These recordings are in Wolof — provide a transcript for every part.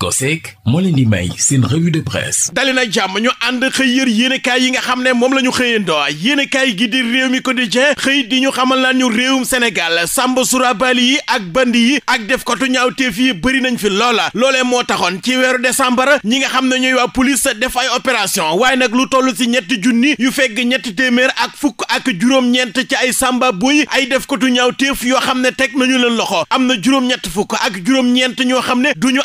COSEC moo leen di may seen revue de presse dali na jàmm ñu ànd xëy yër yéenekaay yi nga xam ne moom la ñu xëyandoo yéenekaay gi di réew mi quotidien xëy di ñu xamal laan ñu réewum Sénégal sàmb surabali yi ak bandi yi ak def ko tu ñaawteef yi bëri nañ fi loola loolee moo taxoon ci weeru décembre ñi nga xam ne ñooy waa police def ay opération waaye nag lu toll si ñetti junni yu fegg ñetti téeméer ak fukk ak juróom-ñeent ci ay sàmba boy ay def ko tu ñaawteef yoo xam ne teg nañu leen loxo am na juróom ak juróom ñoo xam ne duñu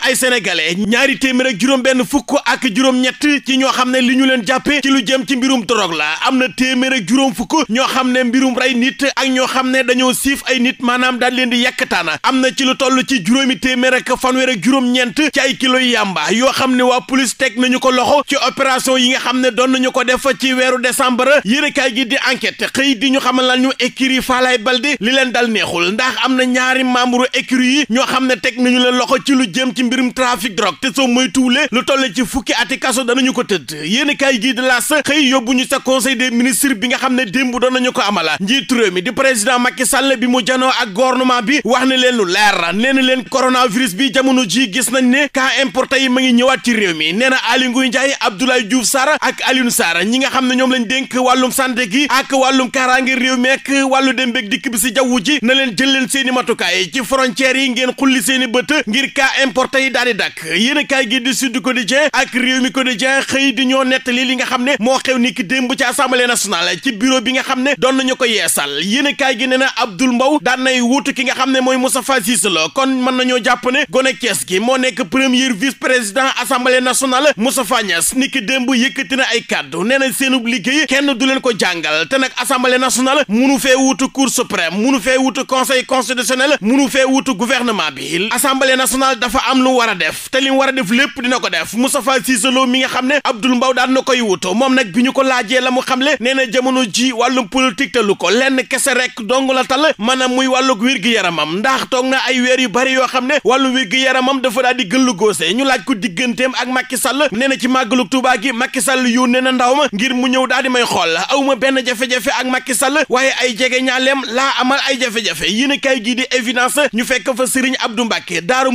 ñaari téeméer ak juróom benn fukk ak juróom-ñett ci ñoo xam ne li ñu leen jàppe ci lu jëm ci mbirum drogue la am na téeméer ak juróom fukk ñoo xam ne mbirum rey nit ak ñoo xam ne dañoo siif ay nit maanaam daal leen di yàkkataana am na ci lu toll ci juróomi téeméer ak fanweer ak juróom-ñeent ci ay kilo yàmba yoo xam ne waa police teg nañu ko loxo ci opération yi nga xam ne doon nañu ko def ci weeru décembre yéenekaay gi di enquête xëy di ñu xamal la ñu écurie Falaye Baldé li leen dal neexul ndax am na ñaari membre écurie yi ñoo xam ne teg nañu leen loxo ci lu jëm ci mbirum trafic drogue te soo moytuwulee lu toll ci fukki ati kaso danañu ko tëdd yéen i kaay gii di laas xëy sa conseil des ministres bi nga xam ne démb doon nañu ko amala njiitu réew mi di président Macky Sall bi mu janoo ak gouvernement bi wax ne leen lu leer nee na leen coronavirus bi jamono ji gis nañ ne cas importé yi ma ngi ñëwaat ci réew mi nee na Aly Ngouille Ndiaye Abdoulaye Diouf Sarr ak Alioune Sarr ñi nga xam ne ñoom lañ dénk wàllum santé gi ak wàllum kaaraange réew mi ak wàllu dem dikk bi si jaww ji na leen jël seeni matukaay ci frontières yi ngeen xulli seeni bët ngir cas importé yi daal dakk yéen a kaay ko di Sud Quotidien ak Rewmi Quotidien xëy di ñoo nettali li nga xam ne moo xew ni ki démb ci assemblée nationale ci bureau bi nga xam ne doon nañu ko yeesal yéen a kaay gi nee na Abdoul Mbow daan nay wuutu ki nga xam ne mooy Moustapha Cissé Lo kon mën nañoo jàpp ne gone Cees ki moo nekk premier vice président assemblée nationale Moustapha Niass ni ki démb yëkkati na ay kàddu nee na seenub liggéey kenn du leen ko jàngal te nag assemblée nationale munu fee wuutu cour suprême munu fee wuutu conseil constitutionnel munu fee wuutu gouvernement bi assemblée nationale dafa am lu war a def te li a def lépp dina ko def Moustapha Cissé Lo mi nga xam ne Abdoul Mbaw daan na koy wuto moom nag bi ñu ko laajee la mu xam le nee na jamono ji wàllum politique te lu ko lenn kese rek dong la tal maanaam muy wàllug wér gi yaramam ndax toog na ay weer yu bari yoo xam ne wàllum wér gi yaramam dafa daal di gëllu góose ñu laaj ko digganteem ak Macky Sall nee na ci màggalug Tuubaa gi Macky Sall yónnee na ndaw ma ngir mu ñëw daal di may xool awma benn jafe-jafe ak Macky Sall waaye ay jege ñaaleem laa amal ay jafe-jafe yéen a gii di évidence ñu fekk fa Serigne Abdou Mbacké Daaru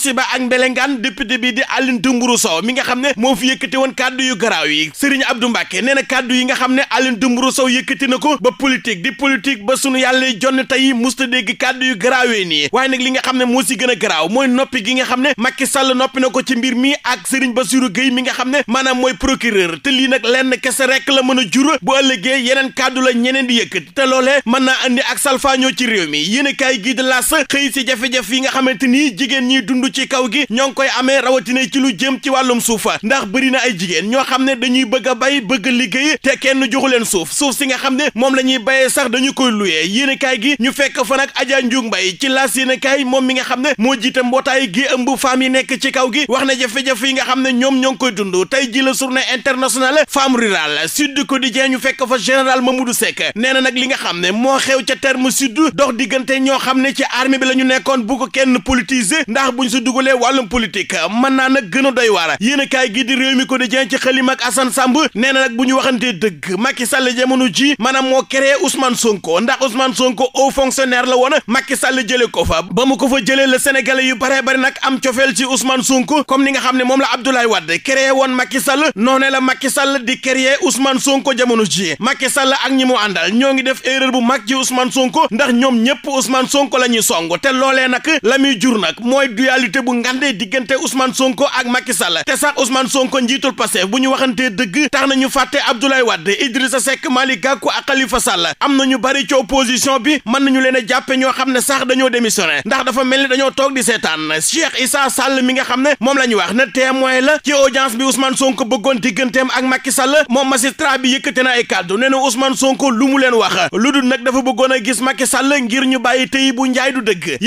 musiba ak mbelengaan député bi di Aline Dumburu Sow mi nga xam ne moo fi yëkkati woon kàddu yu garaaw yi Serigne Abdou Mbacke nee na kàddu yi nga xam ne Aline Dumburu Sow yëkkati na ko ba politique di politique ba sunu yàlla jonn tey musta dégg kàddu yu garaawee nii waaye nag li nga xam ne moo si gën garaaw mooy noppi gi nga xam ne Macky Sall noppi na ko ci mbir mi ak ba Bassirou Gueye mi nga xam ne maanaam mooy procureur te lii nag lenn kese rek la mën a jur bu ëllëgee yeneen kàddu la ñeneen di yëkkati te loolee mën naa andi ak salfaañoo ci réew mi yéen gii di las xëy si jafe yi nga xamante ni jigéen ñi dund ci kaw gi ñoo ngi koy amee rawatina ci lu jëm ci wàllum suufa ndax bëri na ay jigéen ñoo xam ne dañuy bëgg a bay bëgg liggéey te kenn joxu leen suuf suuf si nga xam ne moom la ñuy béyee sax dañu koy luyee yéen kaay gi ñu fekk fa nag Adja Ndiou Mbaye ci laas yéen kaay moom mi nga xam ne moo jiite mbootaay gi ëmb femme yi nekk ci kaw gi wax na jafe-jafe yi nga xam ne ñoom ñoo ngi koy dund tey ji la journée internationale femme rurale Sud Quotidien ñu fekk fa général Mamadou Seck nee na nag li nga xam ne moo xew ca terme sud dox diggante ñoo xam ne ci armée bi la ñu nekkoon bu kenn politiser ndax ci dugalee wàllum politique mën naa gën a doy waar yéen a kaay gi di réew mi ko di jen ci xalim ak Assane Samb nee na bu ñu waxantee dëgg Macky Sall jamono ji maanaam moo créé Ousmane Sonko ndax Ousmane Sonko haut fonctionnaire la woon Macky Sall jële ko fa ba mu ko fa jëlee la Sénégalais yu bare bari am cofeel ci Ousmane Sonko comme ni nga xam ne moom la Abdoulaye Wade créé woon Macky Sall noonee la Macky Sall di créé Ousmane Sonko jamono ji Macky Sall ak ñi mu àndal bu mag ci Ousmane Sonko ndax ñoom la ñuy song te loolee nag la muy rivalité bu ngandee diggante Ousmane Sonko ak Macky Sall te sax Ousmane Sonko njiitul Pastef bu ñu waxantee dëgg tax nañu fàtte Abdoulaye Wade Idrissa Seck Malick Gakou ak Khalifa Sall am na ñu bari ci opposition bi mën nañu leen jàppe ñoo xam ne sax dañoo démissionné ndax dafa mel ni dañoo toog di seetaan Cheikh Issa Sall mi nga xam ne moom la ñu wax ne témoin la ci audience bi Ousmane Sonko bëggoon digganteem ak Macky Sall moom magistrat bi yëkkate na ay kàddu nee na Ousmane Sonko lu mu leen wax lu dul ñu bàyyi tey bu njaay du dëgg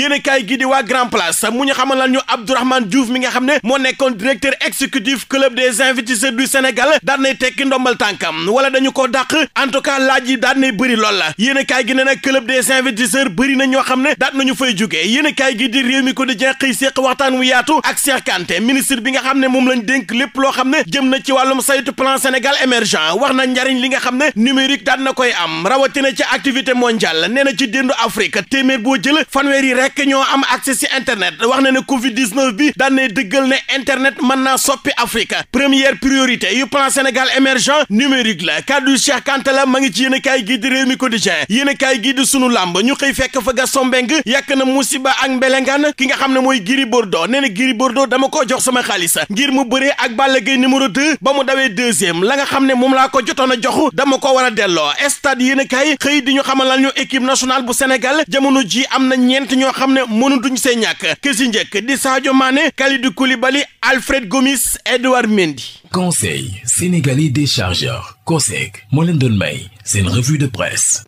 a ñu Abdourahmane Diouf mi nga xam ne moo nekkoon directeur exécutif club des investisseurs du Sénégal daan nay tekki dañu ko dàq en tout cas laaj yi bëri lool la yéen a gi ne nag club des investisseurs bëri na ñoo xam ne daan nañu fay jugee yéen a kaay gi di réew mi ko di jeex xëy séq waxtaan wu yaatu ak Cheikh Kanté ministre bi nga xam ne moom lañ dénk lépp loo xam ne jëm na ci wàllum saytu plan Sénégal émergent wax na njariñ li nga xam ne numérique daan na koy am rawatina ci activité mondiale nee na ci déndu Afrique téeméer boo jël fanweer yi rek ñoo am accès si internet wax na covid 19 bi daan nay dëggal ne internet mën naa soppi Afrique première priorité yu plan Sénégal émergent numérique la kaddu Cheikh Kanta la ma ngi ci yéen a kaay gii di réew mi quotidien yéen a kaay gii di sunu làmb ñu xëy fekk fa Gaston Mbengue yàq na musiba ak mbelengaan ki nga xam ne mooy Giri Bordeaux nee na Giri Bordeaux dama ko jox sama xaalisa ngir mu bëree ak Balla Gaye numéro 2 ba mu dawee deuxième la nga xam ne moom laa ko jotoon a jox dama ko war a delloo stade yéen a kaay xëy di ñu xamalal ñu équipe nationale bu Sénégal jamono ji am na ñeent ñoo xam ne mënutuñ see di Sadio Mané Kalidou Koulibaly Alfred Gomis Edouard Mendy. Conseil sénégalais des chargeurs COSEC moo leen doon may seen revue de presse.